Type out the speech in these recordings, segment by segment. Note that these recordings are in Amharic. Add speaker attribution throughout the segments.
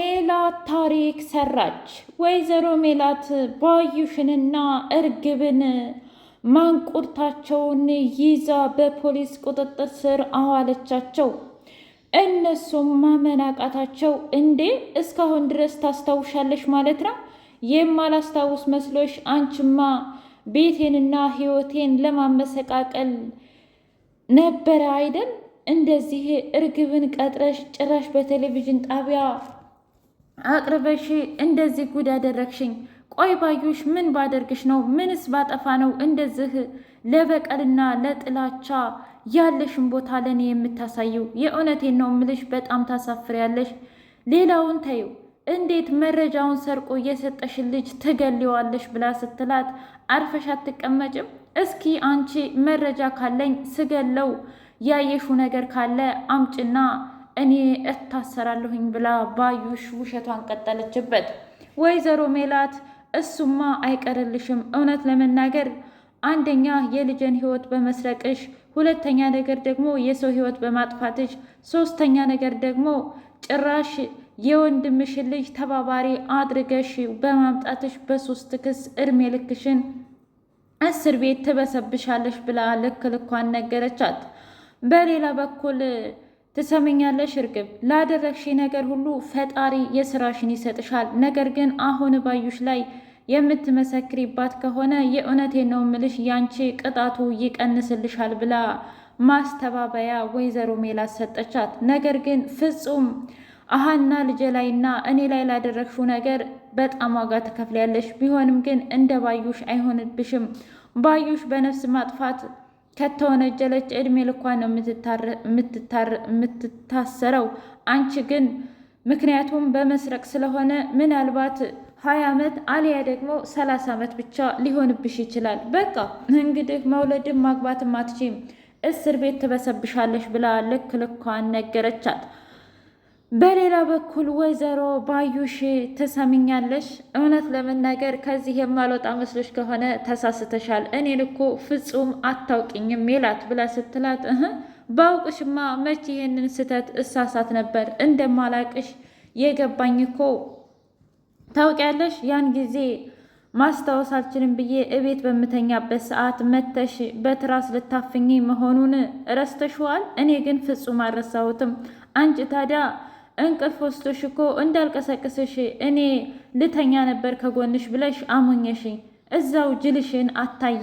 Speaker 1: ሜላት ታሪክ ሰራች። ወይዘሮ ሜላት ባዩሽንና እርግብን ማንቁርታቸውን ይዛ በፖሊስ ቁጥጥር ስር አዋለቻቸው። እነሱም ማመናቃታቸው እንዴ እስካሁን ድረስ ታስታውሻለሽ ማለት ነው? የማላስታውስ መስሎሽ? አንቺማ ቤቴንና ሕይወቴን ለማመሰቃቀል ነበረ አይደል? እንደዚህ እርግብን ቀጥረሽ ጭራሽ በቴሌቪዥን ጣቢያ አቅርበሽ እንደዚህ ጉድ ያደረግሽኝ? ቆይ ባዩሽ፣ ምን ባደርግሽ ነው? ምንስ ባጠፋ ነው እንደዚህ ለበቀልና ለጥላቻ ያለሽን ቦታ ለእኔ የምታሳየው? የእውነቴን ነው ምልሽ፣ በጣም ታሳፍሪያለሽ። ሌላውን ተይው፣ እንዴት መረጃውን ሰርቆ እየሰጠሽን ልጅ ትገሊዋለሽ? ብላ ስትላት አርፈሽ አትቀመጭም? እስኪ አንቺ መረጃ ካለኝ ስገለው ያየሽው ነገር ካለ አምጭና እኔ እታሰራለሁኝ ብላ ባዩሽ ውሸቷን ቀጠለችበት። ወይዘሮ ሜላት እሱማ አይቀርልሽም፣ እውነት ለመናገር አንደኛ የልጅን ህይወት በመስረቅሽ፣ ሁለተኛ ነገር ደግሞ የሰው ህይወት በማጥፋትሽ፣ ሶስተኛ ነገር ደግሞ ጭራሽ የወንድምሽ ልጅ ተባባሪ አድርገሽ በማምጣትሽ በሶስት ክስ እድሜ ልክሽን እስር ቤት ትበሰብሻለሽ ብላ ልክ ልኳን ነገረቻት። በሌላ በኩል ትሰምኛለሽ እርግብ፣ ላደረግሽ ነገር ሁሉ ፈጣሪ የስራሽን ይሰጥሻል። ነገር ግን አሁን ባዩሽ ላይ የምትመሰክሪባት ከሆነ የእውነቴን ነው ምልሽ ያንቺ ቅጣቱ ይቀንስልሻል ብላ ማስተባበያ ወይዘሮ ሜላት ሰጠቻት። ነገር ግን ፍጹም አሃና ልጄ ላይና እኔ ላይ ላደረግሽው ነገር በጣም ዋጋ ትከፍያለሽ። ቢሆንም ግን እንደ ባዩሽ አይሆንብሽም። ባዩሽ በነፍስ ማጥፋት ከተወነጀለች እድሜ ልኳ ነው የምትታሰረው። አንቺ ግን ምክንያቱም በመስረቅ ስለሆነ ምናልባት ሀያ ዓመት አሊያ ደግሞ ሰላሳ ዓመት ብቻ ሊሆንብሽ ይችላል። በቃ እንግዲህ መውለድም ማግባትም አትችም፣ እስር ቤት ትበሰብሻለሽ ብላ ልክ ልኳን ነገረቻት። በሌላ በኩል ወይዘሮ ባዩሽ ትሰምኛለሽ፣ እውነት ለመናገር ከዚህ የማልወጣ መስሎች ከሆነ ተሳስተሻል። እኔን እኮ ፍጹም አታውቅኝም ይላት ብላ ስትላት በአውቅሽማ ባውቅሽማ መቼ ይህንን ስህተት እሳሳት ነበር። እንደማላቅሽ የገባኝ እኮ ታውቂያለሽ። ያን ጊዜ ማስታወስ አልችልም ብዬ እቤት በምተኛበት ሰዓት መተሽ በትራስ ልታፍኝ መሆኑን ረስተሽዋል። እኔ ግን ፍጹም አልረሳሁትም። አንቺ ታዲያ እንቅልፍ ወስዶሽ እኮ እንዳልቀሰቅስሽ እኔ ልተኛ ነበር ከጎንሽ ብለሽ አሞኘሽኝ። እዛው ጅልሽን አታይ።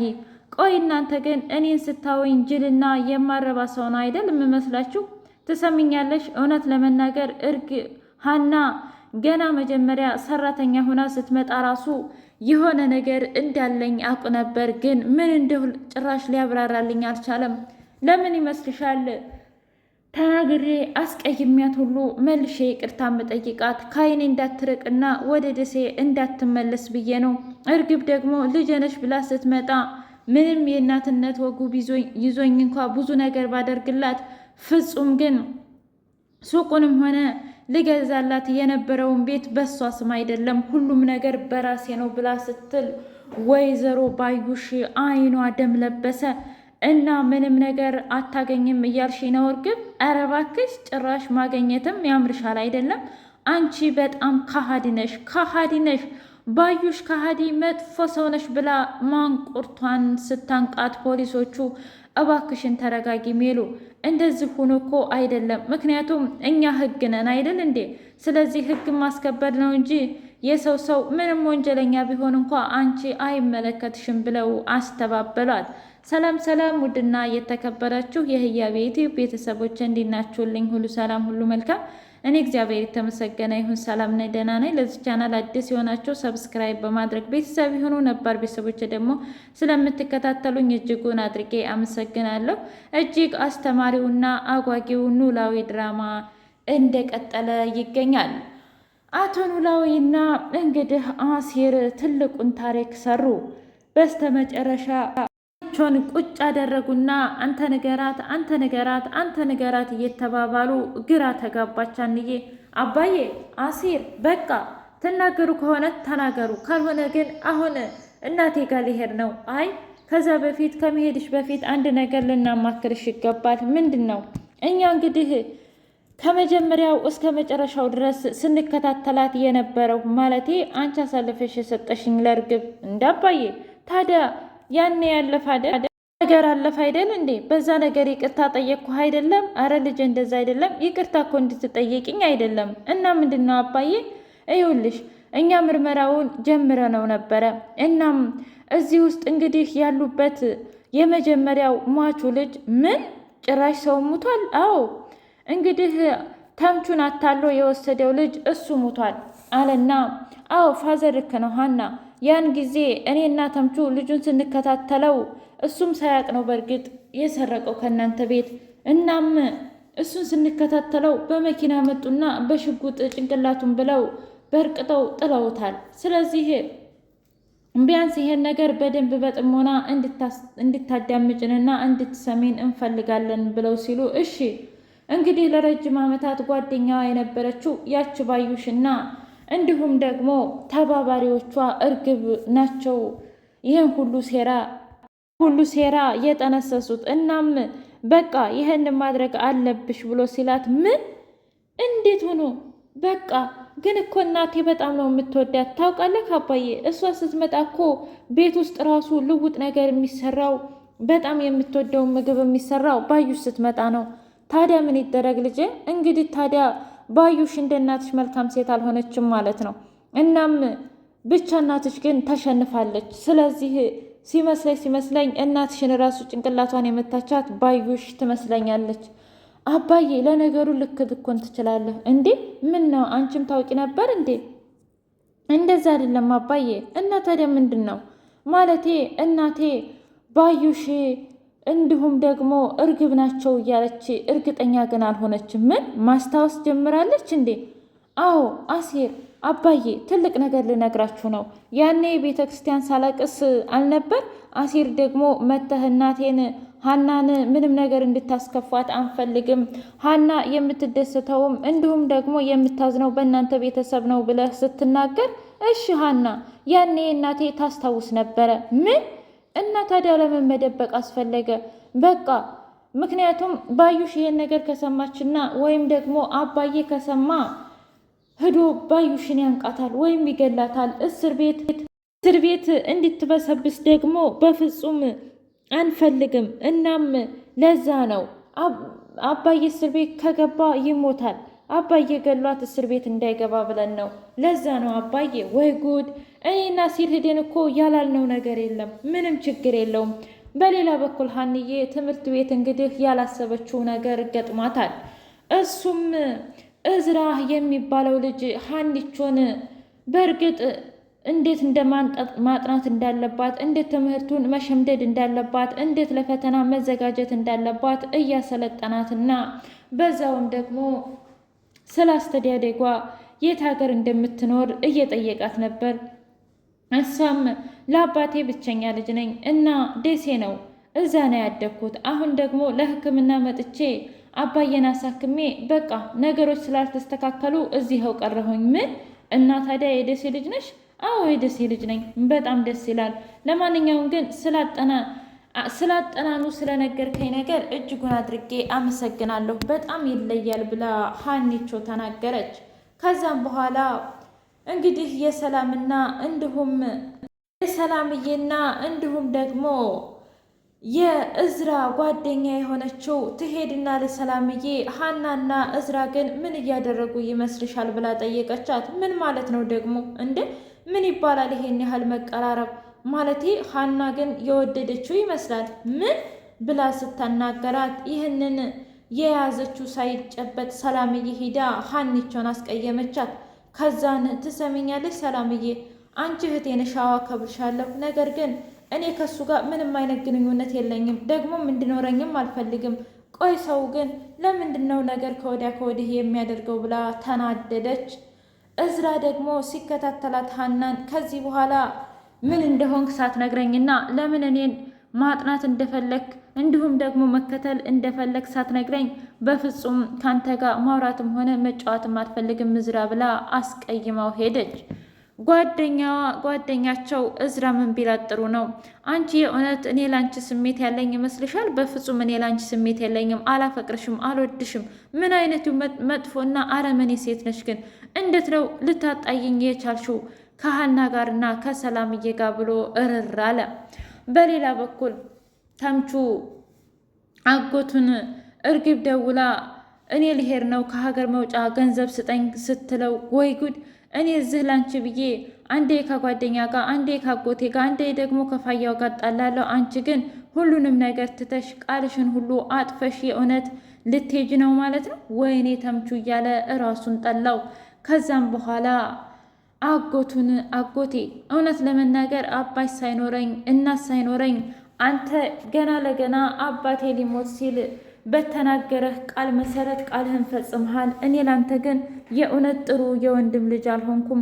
Speaker 1: ቆይ እናንተ ግን እኔን ስታወኝ ጅልና የማረባ ሰው ነው አይደል የምመስላችሁ? ትሰምኛለሽ? እውነት ለመናገር እርግ ሀና ገና መጀመሪያ ሰራተኛ ሆና ስትመጣ ራሱ የሆነ ነገር እንዳለኝ አውቅ ነበር፣ ግን ምን እንደሁ ጭራሽ ሊያብራራልኝ አልቻለም። ለምን ይመስልሻል? ተናግሬ አስቀይሚያት ሁሉ መልሼ ይቅርታ መጠይቃት ከአይኔ እንዳትርቅና ወደ ደሴ እንዳትመለስ ብዬ ነው። እርግብ ደግሞ ልጀነሽ ብላ ስትመጣ ምንም የእናትነት ወጉ ይዞኝ እንኳ ብዙ ነገር ባደርግላት፣ ፍጹም ግን ሱቁንም ሆነ ልገዛላት የነበረውን ቤት በሷ ስም አይደለም ሁሉም ነገር በራሴ ነው ብላ ስትል ወይዘሮ ባዩሽ አይኗ ደም ለበሰ። እና ምንም ነገር አታገኝም እያልሽ ነው እርግብ? ኧረ እባክሽ ጭራሽ ማገኘትም ያምርሻል አይደለም? አንቺ በጣም ከሃዲ ነሽ፣ ከሃዲ ነሽ። ባዩሽ ካሃዲ መጥፎ ሰው ነሽ ብላ ማንቁርቷን ስታንቃት ፖሊሶቹ እባክሽን ተረጋጊ ሚሉ እንደዚህ ሁኑ እኮ አይደለም። ምክንያቱም እኛ ህግ ነን አይደል እንዴ? ስለዚህ ህግ ማስከበር ነው እንጂ የሰው ሰው ምንም ወንጀለኛ ቢሆን እንኳ አንቺ አይመለከትሽም ብለው አስተባበሏት። ሰላም ሰላም፣ ውድና እየተከበራችሁ የህያ ቤቴ ቤተሰቦች እንዲናችሁልኝ ሁሉ ሰላም፣ ሁሉ መልካም። እኔ እግዚአብሔር የተመሰገነ ይሁን ሰላም ነኝ፣ ደህና ነኝ። ለዚህ ቻናል አዲስ የሆናቸው ሰብስክራይብ በማድረግ ቤተሰብ የሆኑ ነባር ቤተሰቦች ደግሞ ስለምትከታተሉኝ እጅጉን አድርጌ አመሰግናለሁ። እጅግ አስተማሪውና አጓጊው ኖላዊ ድራማ እንደቀጠለ ይገኛል። አቶ ኖላዊና እንግዲህ አሴር ትልቁን ታሪክ ሰሩ። በስተመጨረሻ አይናቸውን ቁጭ አደረጉና አንተ ንገራት፣ አንተ ንገራት፣ አንተ ንገራት እየተባባሉ ግራ ተጋባች። አንዬ አባዬ አሲር በቃ ትናገሩ ከሆነ ተናገሩ፣ ካልሆነ ግን አሁን እናቴ ጋር ሊሄድ ነው። አይ ከዛ በፊት ከመሄድሽ በፊት አንድ ነገር ልናማክርሽ ይገባል። ምንድን ነው? እኛ እንግዲህ ከመጀመሪያው እስከ መጨረሻው ድረስ ስንከታተላት የነበረው ማለቴ አንቺ አሳልፈሽ የሰጠሽኝ ለእርግብ እንዳባዬ ታዲያ ያኔ ያለፈ አይደል ነገር አለፈ አይደል እንዴ? በዛ ነገር ይቅርታ ጠየቅኩ አይደለም? አረ ልጅ እንደዛ አይደለም። ይቅርታ እኮ እንድትጠየቅኝ አይደለም። እና ምንድን ነው አባዬ? እዩልሽ እኛ ምርመራውን ጀምረ ነው ነበረ። እናም እዚህ ውስጥ እንግዲህ ያሉበት የመጀመሪያው ሟቹ ልጅ ምን ጭራሽ ሰው ሙቷል? አዎ እንግዲህ ተምቹን አታሎ የወሰደው ልጅ እሱ ሙቷል አለና፣ አዎ ፋዘር ልክ ነው ሀና ያን ጊዜ እኔና ተምቹ ልጁን ስንከታተለው እሱም ሳያቅ ነው በእርግጥ የሰረቀው ከእናንተ ቤት። እናም እሱን ስንከታተለው በመኪና መጡና በሽጉጥ ጭንቅላቱን ብለው በርቅጠው ጥለውታል። ስለዚህ ቢያንስ ይሄን ነገር በደንብ በጥሞና እንድታዳምጭንና እንድትሰሚን እንፈልጋለን ብለው ሲሉ እሺ እንግዲህ ለረጅም ዓመታት ጓደኛዋ የነበረችው ያች ባዩሽና እንዲሁም ደግሞ ተባባሪዎቿ እርግብ ናቸው ይህን ሁሉ ሴራ ሁሉ ሴራ የጠነሰሱት። እናም በቃ ይህን ማድረግ አለብሽ ብሎ ሲላት ምን እንዴት ሆኖ በቃ ግን እኮ እናቴ በጣም ነው የምትወዳት ታውቃለህ አባዬ። እሷ ስትመጣ እኮ ቤት ውስጥ ራሱ ልውጥ ነገር የሚሰራው በጣም የምትወደውን ምግብ የሚሰራው ባዩ ስትመጣ ነው። ታዲያ ምን ይደረግ ልጄ እንግዲህ ታዲያ ባዩሽ እንደ እናትሽ መልካም ሴት አልሆነችም ማለት ነው። እናም ብቻ እናትሽ ግን ተሸንፋለች። ስለዚህ ሲመስለኝ ሲመስለኝ እናትሽን ራሱ ጭንቅላቷን የመታቻት ባዩሽ ትመስለኛለች። አባዬ ለነገሩ ልክ ብኮን ትችላለህ እንዴ? ምን ነው አንቺም ታውቂ ነበር እንዴ? እንደዛ አይደለም አባዬ። እና ታዲያ ምንድን ነው ማለቴ እናቴ ባዩሽ እንዲሁም ደግሞ እርግብ ናቸው እያለች እርግጠኛ ግን አልሆነች ምን ማስታወስ ጀምራለች እንዴ? አዎ አሴር አባዬ ትልቅ ነገር ልነግራችሁ ነው። ያኔ ቤተ ክርስቲያን ሳለቅስ አልነበር? አሴር ደግሞ መተህ እናቴን ሀናን ምንም ነገር እንድታስከፋት አንፈልግም፣ ሀና የምትደሰተውም እንዲሁም ደግሞ የምታዝነው በእናንተ ቤተሰብ ነው ብለህ ስትናገር፣ እሺ ሀና ያኔ እናቴ ታስታውስ ነበረ ምን እና ታዲያ ለምን መደበቅ አስፈለገ? በቃ ምክንያቱም ባዩሽ ይሄን ነገር ከሰማችና ወይም ደግሞ አባዬ ከሰማ ሂዶ ባዩሽን ያንቃታል ወይም ይገላታል። እስር ቤት እስር ቤት እንድትበሰብስ ደግሞ በፍጹም አንፈልግም። እናም ለዛ ነው አባዬ እስር ቤት ከገባ ይሞታል። አባዬ ገሏት እስር ቤት እንዳይገባ ብለን ነው። ለዛ ነው አባዬ። ወይ ጉድ እኔና ሴት ሄደን እኮ ያላልነው ነገር የለም። ምንም ችግር የለውም። በሌላ በኩል ሀንዬ ትምህርት ቤት እንግዲህ ያላሰበችው ነገር ገጥሟታል። እሱም እዝራ የሚባለው ልጅ ሀንቾን በእርግጥ እንዴት እንደማጥናት እንዳለባት፣ እንዴት ትምህርቱን መሸምደድ እንዳለባት፣ እንዴት ለፈተና መዘጋጀት እንዳለባት እያሰለጠናትና በዛውም ደግሞ ስለ አስተዳደጓ የት ሀገር እንደምትኖር እየጠየቃት ነበር። እሷም ለአባቴ ብቸኛ ልጅ ነኝ እና ደሴ ነው እዛ ነው ያደግኩት። አሁን ደግሞ ለሕክምና መጥቼ አባዬን አሳክሜ በቃ ነገሮች ስላልተስተካከሉ እዚኸው ቀረሁኝ። ምን እና ታዲያ የደሴ ልጅ ነሽ? አዎ የደሴ ልጅ ነኝ። በጣም ደስ ይላል። ለማንኛውም ግን ስላጠና ስላጠናኑ ስለነገርከኝ ነገር እጅጉን አድርጌ አመሰግናለሁ። በጣም ይለያል ብላ ሀኒቾ ተናገረች። ከዛም በኋላ እንግዲህ የሰላምና እንዲሁም የሰላምዬና እንዲሁም ደግሞ የእዝራ ጓደኛ የሆነችው ትሄድና ለሰላምዬ ሀናና እዝራ ግን ምን እያደረጉ ይመስልሻል ብላ ጠየቀቻት። ምን ማለት ነው ደግሞ እንደ ምን ይባላል ይሄን ያህል መቀራረብ? ማለቴ ሀና ግን የወደደችው ይመስላል ምን ብላ ስታናገራት ይህንን የያዘችው ሳይጨበጥ ሰላምዬ ሂዳ ሀኒቸውን አስቀየመቻት። ከዛን ትሰሚኛለሽ ሰላምዬ፣ አንቺ እህቴ ነሽ፣ አከብርሻለሁ። ነገር ግን እኔ ከሱ ጋር ምንም አይነት ግንኙነት የለኝም፣ ደግሞም እንዲኖረኝም አልፈልግም። ቆይ ሰው ግን ለምንድን ነው ነገር ከወዲያ ከወዲህ የሚያደርገው ብላ ተናደደች። እዝራ ደግሞ ሲከታተላት ሀናን ከዚህ በኋላ ምን እንደሆንክ ሳትነግረኝና ለምን እኔን ማጥናት እንደፈለግ እንዲሁም ደግሞ መከተል እንደፈለግ ሳትነግረኝ በፍጹም ካንተ ጋር ማውራትም ሆነ መጫወትም አትፈልግም እዝራ ብላ አስቀይማው ሄደች። ጓደኛዋ ጓደኛቸው እዝራ ምን ቢላት ጥሩ ነው? አንቺ የእውነት እኔ ላንቺ ስሜት ያለኝ ይመስልሻል? በፍጹም እኔ ላንቺ ስሜት የለኝም። አላፈቅርሽም፣ አልወድሽም። ምን አይነቱ መጥፎና አረመኔ ሴት ነሽ ግን? እንዴት ነው ልታጣይኝ የቻልሽው? ከሀና ጋርና ከሰላምዬ ጋር ብሎ እርር አለ። በሌላ በኩል ተምቹ አጎቱን እርግብ ደውላ እኔ ልሄድ ነው ከሀገር መውጫ ገንዘብ ስጠኝ ስትለው፣ ወይ ጉድ እኔ እዚህ ላንቺ ብዬ አንዴ ከጓደኛ ጋር አንዴ ከአጎቴ ጋር አንዴ ደግሞ ከፋያው ጋር ጣላለሁ። አንቺ ግን ሁሉንም ነገር ትተሽ ቃልሽን ሁሉ አጥፈሽ የእውነት ልትሄጂ ነው ማለት ነው? ወይኔ ተምቹ እያለ እራሱን ጠላው። ከዛም በኋላ አጎቱን አጎቴ እውነት ለመናገር አባት ሳይኖረኝ እናት ሳይኖረኝ አንተ ገና ለገና አባቴ ሊሞት ሲል በተናገረህ ቃል መሰረት ቃልህን ፈጽመሃል። እኔ ላንተ ግን የእውነት ጥሩ የወንድም ልጅ አልሆንኩም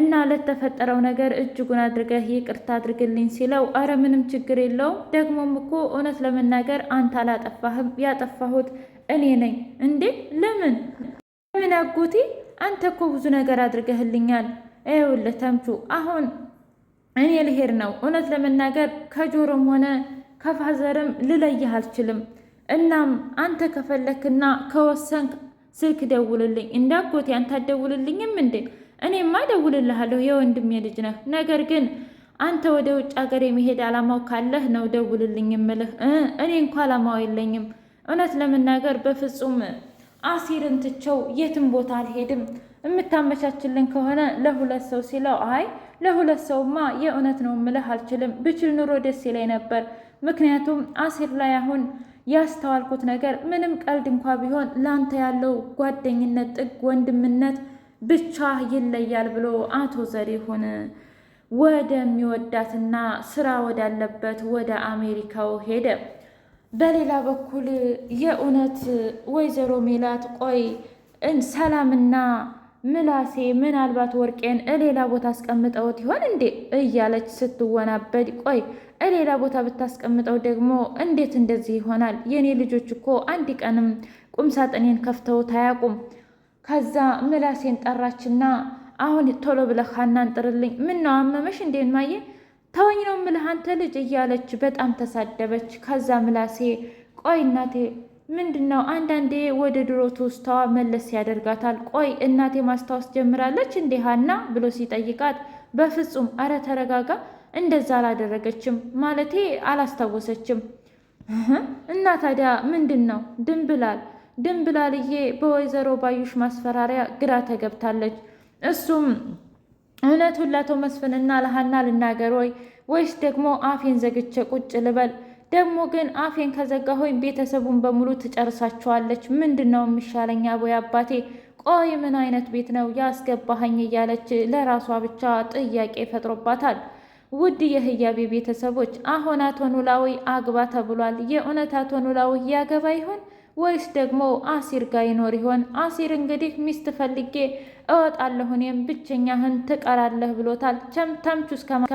Speaker 1: እና ለተፈጠረው ነገር እጅጉን አድርገህ ይቅርታ አድርግልኝ ሲለው፣ አረ ምንም ችግር የለውም ደግሞም እኮ እውነት ለመናገር አንተ አላጠፋህም፣ ያጠፋሁት እኔ ነኝ። እንዴ ለምን ለምን አጎቴ አንተ እኮ ብዙ ነገር አድርገህልኛል። ይኸውልህ ተምቹ አሁን እኔ ልሄድ ነው። እውነት ለመናገር ከጆሮም ሆነ ከፋዘርም ልለይህ አልችልም። እናም አንተ ከፈለክና ከወሰንክ ስልክ ደውልልኝ። እንዳጎቴ አንተ አደውልልኝም እንዴ? እኔማ ደውልልሃለሁ፣ የወንድሜ ልጅ ነህ። ነገር ግን አንተ ወደ ውጭ ሀገር የመሄድ አላማው ካለህ ነው ደውልልኝ እምልህ። እኔ እንኳ አላማው የለኝም እውነት ለመናገር በፍጹም አሲርን ትቸው የትም ቦታ አልሄድም የምታመቻችልን ከሆነ ለሁለት ሰው ሲለው፣ አይ ለሁለት ሰውማ የእውነት ነው ምልህ አልችልም። ብችል ኑሮ ደስ ይለኝ ነበር። ምክንያቱም አሲር ላይ አሁን ያስተዋልኩት ነገር ምንም ቀልድ እንኳ ቢሆን ላንተ ያለው ጓደኝነት ጥግ ወንድምነት ብቻ ይለያል ብሎ አቶ ዘሪሁን ወደሚወዳትና ስራ ወዳለበት ወደ አሜሪካው ሄደ። በሌላ በኩል የእውነት ወይዘሮ ሜላት ቆይ ሰላምና ምላሴ ምናልባት ወርቄን ሌላ ቦታ አስቀምጠውት ይሆን እንዴ እያለች ስትወናበድ፣ ቆይ ሌላ ቦታ ብታስቀምጠው ደግሞ እንዴት እንደዚህ ይሆናል? የእኔ ልጆች እኮ አንድ ቀንም ቁምሳጥኔን ከፍተውት አያውቁም። ከዛ ምላሴን ጠራችና አሁን ቶሎ ብለህ ሀናን ጥርልኝ። ምን አመመሽ ተወኝ ነው ምልህ አንተ ልጅ እያለች በጣም ተሳደበች። ከዛ ምላሴ ቆይ እናቴ ምንድን ነው አንዳንዴ ወደ ድሮ ትውስታዋ መለስ ያደርጋታል። ቆይ እናቴ ማስታወስ ጀምራለች እንዴ ሀና ብሎ ሲጠይቃት በፍጹም አረ ተረጋጋ፣ እንደዛ አላደረገችም ማለቴ አላስታወሰችም። እና ታዲያ ምንድን ነው ድንብላል ድንብላልዬ በወይዘሮ ባዩሽ ማስፈራሪያ ግራ ተገብታለች። እሱም እውነቱን ለአቶ መስፍንና ለሀና ልናገር ወይ ወይስ ደግሞ አፌን ዘግቼ ቁጭ ልበል? ደግሞ ግን አፌን ከዘጋሁኝ ቤተሰቡን በሙሉ ትጨርሳችኋለች። ምንድን ነው የሚሻለኝ? አቦይ አባቴ፣ ቆይ ምን አይነት ቤት ነው ያስገባኸኝ? እያለች ለራሷ ብቻ ጥያቄ ፈጥሮባታል። ውድ የህያቤ ቤተሰቦች አሁን አቶ ኖላዊ አግባ ተብሏል። የእውነት አቶ ኖላዊ ያገባ ይሆን? ወይስ ደግሞ አሲር ጋር ይኖር ይሆን? አሲር እንግዲህ ሚስት ፈልጌ እወጣለሁ እኔም ብቸኛህን ትቀራለህ ብሎታል። ተምቹ እስከ